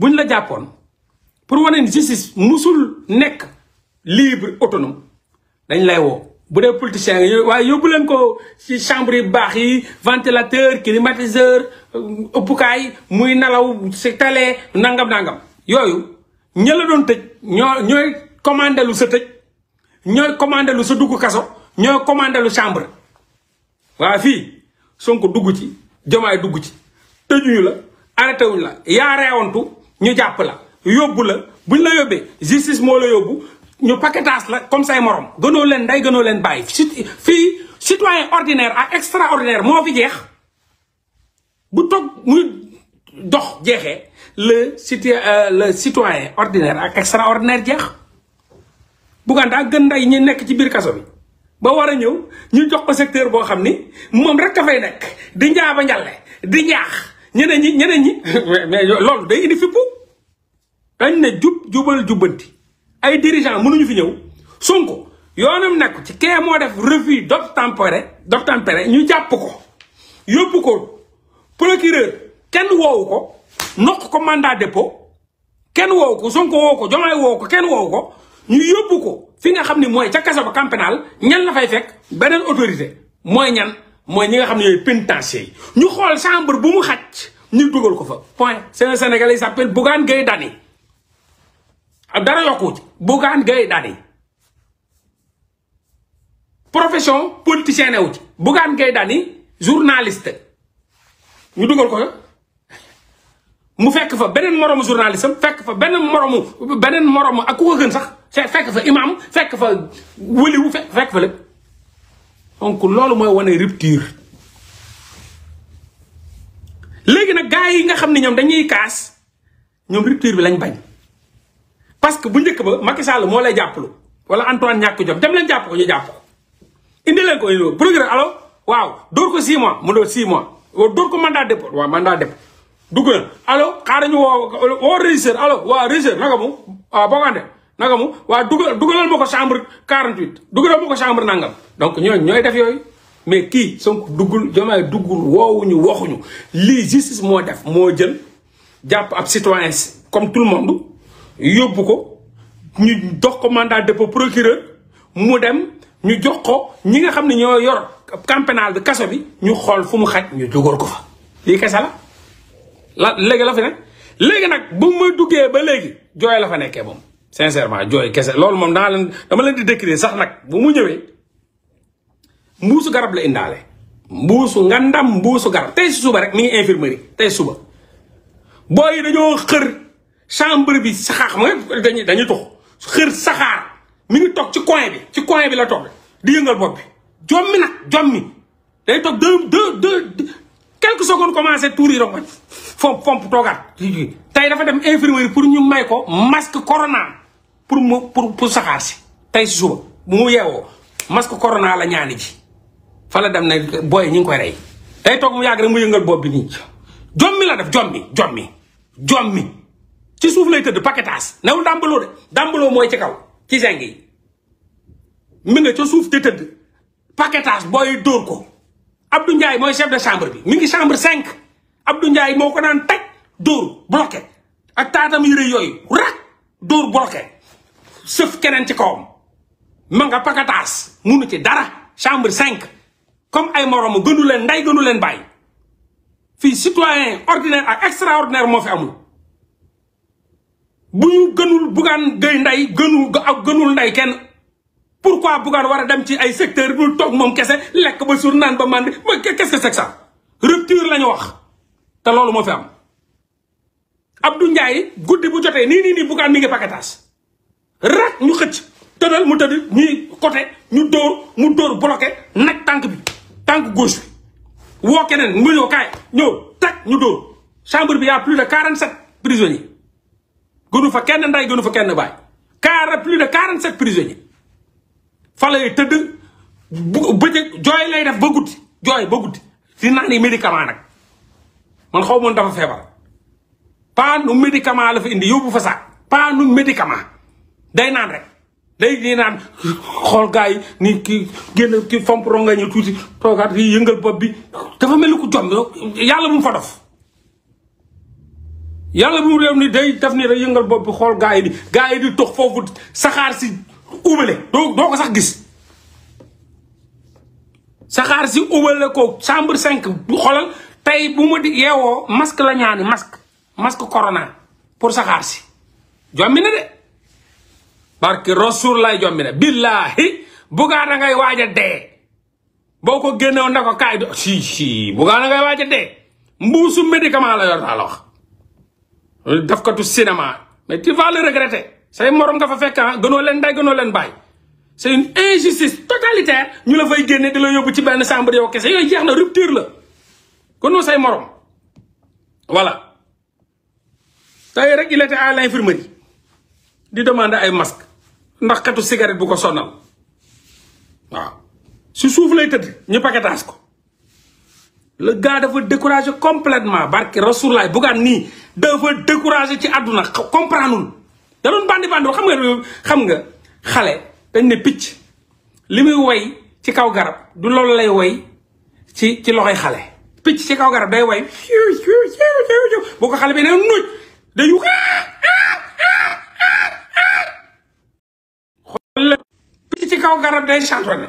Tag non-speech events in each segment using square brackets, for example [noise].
bu ñu la jàppoon pour wane ni justice musul nekk libre autonome dañ lay woo bu dee politicien yi waaye yóbbu leen ko ci chambre yu baax yi ventilateur climatiseur euh, ëppukaay muy nalaw si télé nangam nangam yooyu ña la doon tëj ñoo ñooy commandé lu sa tëj ñooy commandé lu sa dugg kaso ñooy commandé lu chambre waa fii Sonko dugg ci Diomaye dugg ci tëjuñu la arrêté wuñ la yaa reewantu ñu jàpp la yóbbu la buñ la yóbbee justice moo la yóbbu ñu paquetage la comme say moroom gënoo leen nday gënoo leen bàyyi fii citoyen ordinaire ak extraordinaire moo fi jeex bu toog muy dox jeexee le citi euh, le citoyen ordinaire ak extraordinaire jeex Bougane daa gën nday ñi nekk ci biir kaso bi ba war a ñëw ñu jox ko secteur boo xam ni moom rek ka fay nekk di njaaba njalle di ñaax ñeneen ñi ñeneen ñi [laughs] mais loolu day indi fippu dañ ne jub jubal jubbanti ay dirigeant mënuñu fi ñëw Sonko mu nekk ci kee moo def refus d'obtempérer d'obtempérer ñu jàpp ko yóbbu ko procureur kenn woowu ko nokk ko mandat dépôt kenn woowu ko Sonko woowu ko Diomaye woowu ko kenn woowu ko ñu yóbbu ko fi nga xam ni mooy ca kaso ba camp pénal ñan la fay fekk beneen autorité mooy ñan mooy ñi nga xam ne yooyu pénitencier ñu xool chambre bu mu xaj ñu dugal ko fa point c'est un sénégalais qui s'appelle Bougane Gueye Dany dara yokku ci Bougane Gueye dani profession politicien newu ci Bougane Gueye Dany journaliste ñu dugal ko mu fekk fa beneen moroomu journaliste fekk fa beneen moroomu beneen moroomu ak ku gën sax fekk fa imam fekk fa wëliwu fekk fa lépp donc loolu mooy wane rupture léegi nag gars yi nga xam ni ñoom dañuy kaas ñoom rupture bi lañ bañ parce que bu njëkk ba Macky Sall moo lay jàppalu wala Antoine ñàkk jot dem lañ jàpp ko ñu jàpp indi leen ko indi progrès waaw dóor ko 6 mois mu doon 6 mois dóor ko mandat dépôt waaw mandat dépôt dugg na alors xaaral ñu woo woo régisseur alors waaw régisseur naka mu waaw boo naka waa dugal dugalal ma ko chambre 48 dugalal ma ko chambre nangam donc ñooñu ñooy def yooyu mais kii Sonko duggul Diomaye duggul woowuñu waxuñu lii justice moo def moo jël jàpp ab citoyen comme tout le monde yóbbu ko ñu dox ko mandat de dépôt procureur mu dem ñu jox ko ñi nga xam ne ñoo yor camp pénal bi kaso bi ñu xool fu mu xaj ñu dugal ko fa lii kese la la léegi la fi ne léegi nag bu ma duggee ba léegi jooy la fa nekkee moom sincèrement jooy kese loolu moom daa dama leen di décrire sax nag bu mu ñëwee mbuusu garab la indaale mbuusu ngandam mbuusu garab tey si suba rek mi ngi infirmerie tey suba booy yi dañoo bi saxaar xam nga dañuy dañuy tux mi ngi toog ci coin bi ci coin bi la toog di yëngal bopp bi jommi nag jommi day toog dë deux deux quelques secondes commencé tuur yi rek fomp fomp toogaat tey dafa dem infirmerie pour ñu may ko masque corona pour mu pour pour saxaar si tey si suba bu mu yeewoo masque corona la ñaani ji fa dem ne booy ñu ngi koy rey day toog mu yàgg rek mu yëngal bopp bi nii jommi la def jommi jommi jommi ci suuf lay tëdd paquetage newul dàmbaloo de dàmbaloo mooy ci kaw ci zeng yi ca suuf te tëdd paquetage booy dóor ko Abdou njaay mooy chef de chambre bi mi ngi chambre ab Abdou njaay moo ko naan taj dóor bloqué ak taatam yu yooyu rak dóor bloqué sëf keneen ci kawam ma nga pakataas munu ci dara chambre cinq comme ay moromu gënu leen nday gënu leen bàyyi fii citoyen ordinaire ak extraordinaire moo fi amul bu ñu gënul buggaan gëy nday gënul ak gënul nday kenn pourquoi buggaan war a dem ci ay secteur bu toog moom kese lekk ba suur naan ba màndi ma qu'est-ce que c'est que ça wax te loolu moo fi am Abdou Ndiaye guddi bu jotee nii nii nii buggaan mi ngi pakataas rak ñu xëcc tëral mu tëdd ñuy côté ñu dóor mu dóor bloqué nag tànk bi tànk gauche bi woo keneen mu ñëw kaay ñëw tak ñu dóor chambre bi y a plus de 47 prisonniers gënu fa kenn nday gënu fa kenn baay car plus de 47 prisonniers fa lay tëdd bu jooy lay def ba guddi jooy ba guddi di naan médicament nag man xaw moon dafa feebar paanu médicament la fa indi yóbbu fa sax paanu médicament day naan rek day naan xool gaa yi ni ki génn ki fomp ronga ñu tuuti toogaat yi yëngal bopp bi dafa mel ni ku jom yàlla bu mu fa dof yàlla bu mu réew ni day def ni rek yëngal bopp bi xool gaa yi di gars yi di tox foofu saxaar si ubale doo ko sax gis saxaar si ubale ko chambre cinq bu xoolal tey bu ma di yeewoo masque la ñaani mask masque corona pour saxaar si jommi na de barke rasul lay jombi ne billaahi bugaana ngay waaj a dee boo ko génnewoon na ko kaay do si si bugaana ngay waaj a dee mbuusu médicament la yor naa la wax daf katu cinéma mais tu vas le regretter say morom nga fa fekk ah gënoo leen nday gënoo leen bàyyi c'est une injustice totalitaire ñu la fay génne di la yóbbu ci benn chambre yow kese yooyu jeex na rupture la gënoo say morom walla tey rek il était à l'infirmerie di demander ay masque ndax katu cigarette bu ko sonal waaw si suuf lay tëdd ñu paquetage ko le gars dafa découragé complètement barke rasulaay bugaan nii dafa découragé ci àdduna comprendre da doon bandi bandi xam nga xam nga xale dañ ne picc li muy woy ci kaw garab du loolu lay woy ci ci loxoy xale picc ci kaw garab day woy bu ko xale bi ne nuuj dayu kaw garab day chantonné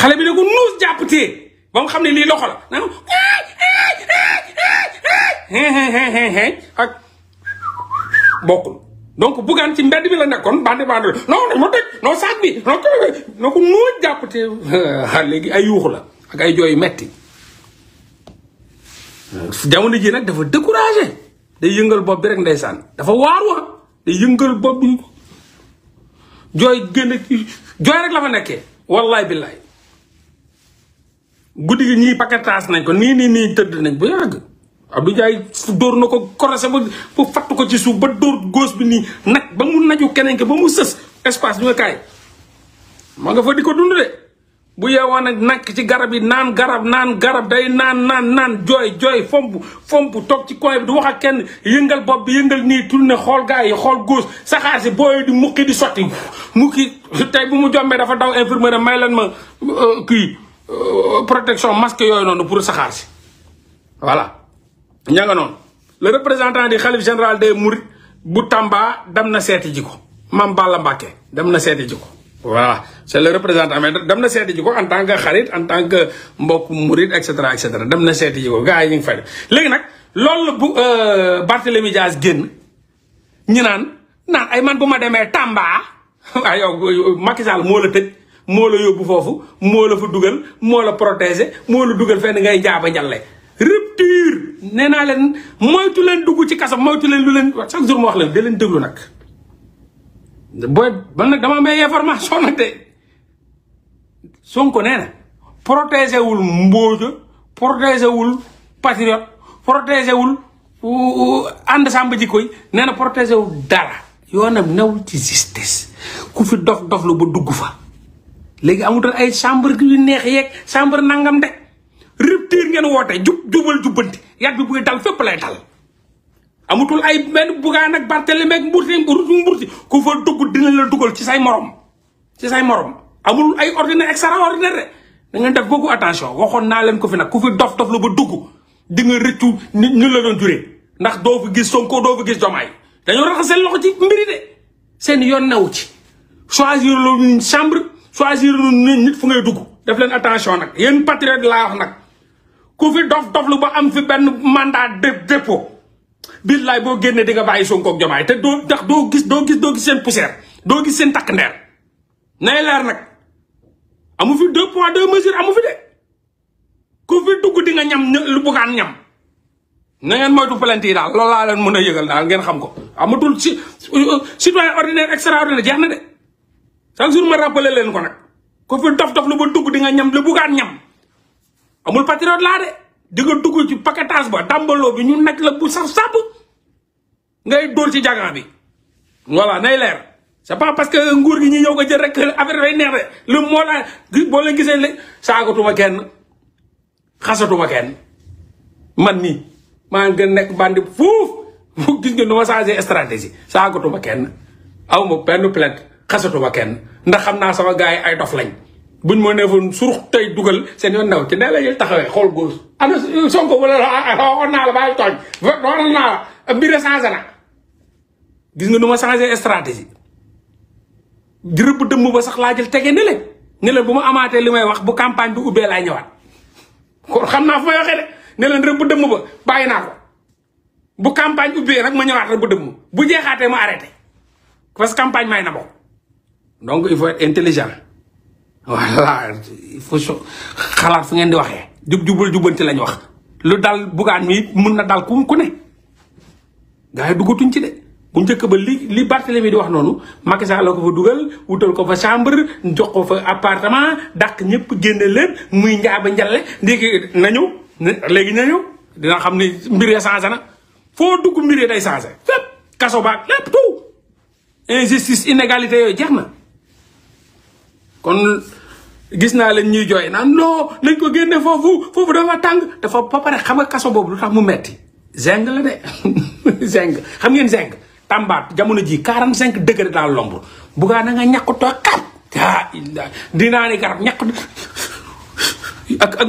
xale bi ne ko nuus jàpp tee ba xam ne lii loxo la naan ak bokkul donc buggaan ci mbedd bi la nekkoon bandi bandi non dañ ma tëj non saat bi non non ko nuus jàpp tee [laughs] ah, léegi ay yuuxu la ak ay jooy metti jamono ji nag dafa découragé day yëngal bopp bi rek ndeysaan dafa waar wa ah, day yëngal bopp bi jooy génn jooy rek la fa nekkee wallaay billaay guddi gi ñii paquetage nañ ko nii nii nii tëdd nañ bu yàgg Abdou Ndiaye dóor na ko korosé ba ba ko ci suuf ba dóor góos bi nii nag ba mu naju keneen ke ba mu sës espace bi nga kaay maa nga fa di ko dund de bu yeewoon nag nakk ci garab yi naan garab naan garab day naan naan naan jooy jooy fomp fomp toog ci coin bi du wax ak kenn yëngal bopp bi yëngal nii tourné xool gars yi xool góos saxaar si yi di mukki di sotti mukki tey bu mu jombee dafa daw infirmier may leen ma euh, kii euh, protection masque yooyu noonu pour saxaar si voilà ña nga noonu le représentant du khalife général des mourides bu Tamba dem na seeti jiko ko Mame Balla dem na seeti ji ko c'est le représentant mais dem na seeti ji ko en tant que xarit en tant que mbokk murit et cetera dem na seeti ji ko gars yi ñu ngi fay léegi nag loolu bu euh, Barthélemy Dias génn ñu naan naan ay man bu ma demee Tamba ah [laughs] yow Macky Sall moo la tëj moo la yóbbu foofu moo la fa dugal moo la protéger moo la dugal fenn ngay jaaba ñalle rupture nee naa leen moytu leen dugg ci kaso moytu leen lu leen chaque jour ma wax leen da leen déglu nag may information nag de Sonko nee na protégé wul Mbodj protégé wul patriote protégé wul ànd sàmba jikko yi nee na protégé wul dara yoonam newul ci justice ku fi dof dof lu ba dugg fa léegi amutal ay chambre yu neex yeeg chambre nangam de rupture ngeen woote jub jubal jubbanti yat bi buy dal fépp lay dal amutul ay benn bugaan ak Barthélemy ak mburti mburti ku fa dugg dina la dugal ci say morom ci say morom amul ay ordinaire extraordinaire de da ngeen def beaucoup attention waxoon naa leen ko fi nag ku fi dof dof la ba dugg di nga rëccu nit ñu la doon juree ndax doo fa gis Sonko doo fa gis Jomaay dañoo raxas seen loxo ci mbiri de seen yoon newu ci choisir lu chambre choisir lu nit fu ngay dugg def leen attention nag yéen patriote laa wax nag ku fi dof dof lu ba am fi benn mandat de biir laay boo génnee di nga bàyyi Sonko ak Jomaay te doo ndax doo gis doo gis doo gis seen poussière doo gis seen takk ndeer nay leer nag amu fi deux poids deux mesures amu fi de ku fi dugg di nga ñam lu bëggaan ñam na ngeen moytu plainte yi daal loolu laa leen mën a yëgal daal ngeen xam ko amatul si citoyen ordinaire extraordinaire jeex na de chaque jour ma rappelé leen ko nag ku fi dof-dof lu ba dugg di nga ñam lu bëggaan ñam amul patriote laa de di dugg ci paquetage ba dambaloo bi ñu nag la bu saf sàpp ngay dóor ci jagan bi voilà nay leer c'est pas parce que nguur gi ñi ñëw ga jël rek affaire day neex de lu moo la boo leen gisee léegi saagatuma kenn xasatuma kenn man nii maa ngi gën nekk bandi fuuf [laughs] gis nga numa ma changé stratégie saagatuma kenn awma benn plainte xasatuma kenn ndax xam naa sama gars yi ay dof lañ buñ ma neefoon surux tey dugal seen yoon naw ci nee la ñuy xool góor ana sonko wala ah, ah, on na nu ma changé stratégie rëbb dëmm ba sax laa jël tege ne leen ne leen bu mu amaatee li may wax bu campagne bi ubbee laay ñëwaat kon xam naa fu may waxee de ne leen rëbb dëmm ba bàyyi naa ko bu campagne ubbee nag rek ñëwaat rëbb dëmm bu jeexaatee ma arrêté parce que campagne may na bokk donc il faut être intelligent voilà xalaat fu ngeen di waxee jub jubal jubanti lañ wax lu dal bugaan mi mun na daal ku ku ne gars yi duggatuñ ci de bu njëkk ba li li Barthélemy di wax noonu Macky Sall la ko fa dugal wutal ko fa chambre jox ko fa appartement daq ñëpp génne leen muy njaaba njale ndéki na ñëw léegi na ñëw dina xam ne mbir ya na foo dugg mbir day changé lépp kaso baag lépp tout jeex na kon gis naa leen ñuy jooy naan non nañ ko génne foofu foofu dafa tàng dafa ba pare xam nga kaso boobu lu mu metti zeng la de [laughs] zeng xam ngeen zeng Tamba jamono jii 45 degré dans l'ombre bugaa na nga ñàkk too kat ah dinaa ne garab ñàkk ak ak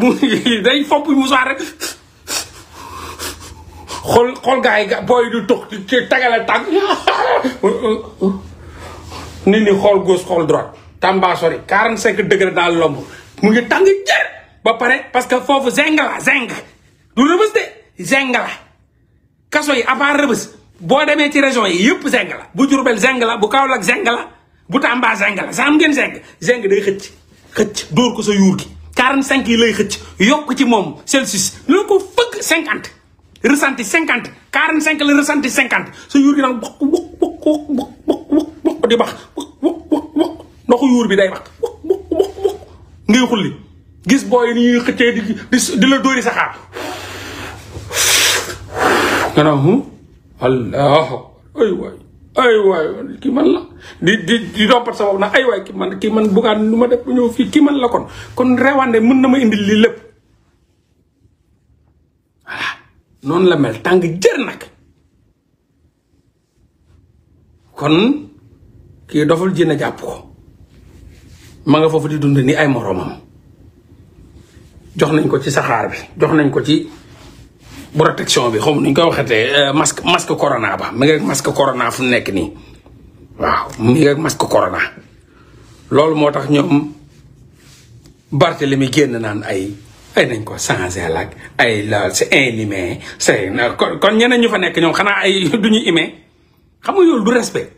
bu [laughs] day fopp musuwaar rek xool xool gars yi booy du tox tagale tànk [laughs] nit ñi xool gauche xool droite Tamba sori 45 degré dans l'ombre mu ngi tàng jër ba pare parce que foofu zeng la zeng rëbës de zeng la kaso yi rëbës boo demee ci région yi yëpp zeng la bu Diourbel zeng la bu Kaolack zeng la bu Tamba zeng la sa am ngeen zeng zeng day xëcc xëcc dóor ko sa yuur gi 45 yi lay xëcc yokk ci moom Celsius loolu ko fëgg 50 ressenti 50 45 la ressenti sa yuur gi nag wokk wokk wokk wokk wokk di bax wokk wokk ndoxu yuur bi day bax wokk wokk wokk xulli gis booy ni xëccee di la dóori sa allahu ay waay ay waay kii man la di di di na ay waay kii man kii man bugaan lu ma def bu ñëw fii kii man la kon kon reewande mën na ma indil lii lépp ah noonu la mel tàng jër nag kon kii doful jina jàpp ko ma nga foofu di dund ni ay moroomam jox nañ ko ci saxaar bi jox nañ ko ci protection bi xaw ma nu ñu koy waxatee euh, masque masque corona ba mi ngi ak masque corona fu nekk nii waaw mu ngi ak masque corona loolu moo tax ñoom Barthélemy génn naan ay ay nañ ko changé lak ay la c'est inhumain c'est kon kon ñeneen ñu fa nekk ñoom xanaa ay [laughs] du ñu humain xam nga yoolu du respect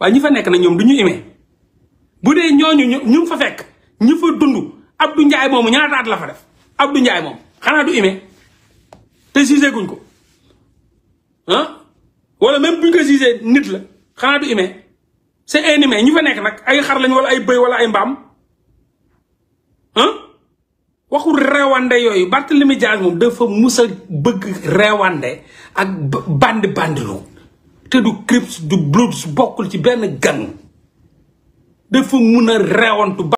waaye ñu fa nekk na ñoom du ñu humain bu dee ñooñu ñu fa fekk ñu fa dund Abdou Ndiaye moomu ñaataat la fa def Abdou Ndiaye moom xanaa du humain te gisee guñ ko ah wala même buñ ko gisee nit la xanaa du humain c' est ñu fa nekk nag ay xar lañ wala ay bëy wala ay mbaam ah reewande yooyu Barthélemy Dias moom dafa mus bëgg reewande ak bandi bandilu te du Crips du Bloods bokkul ci benn gang dafa mun a reewantu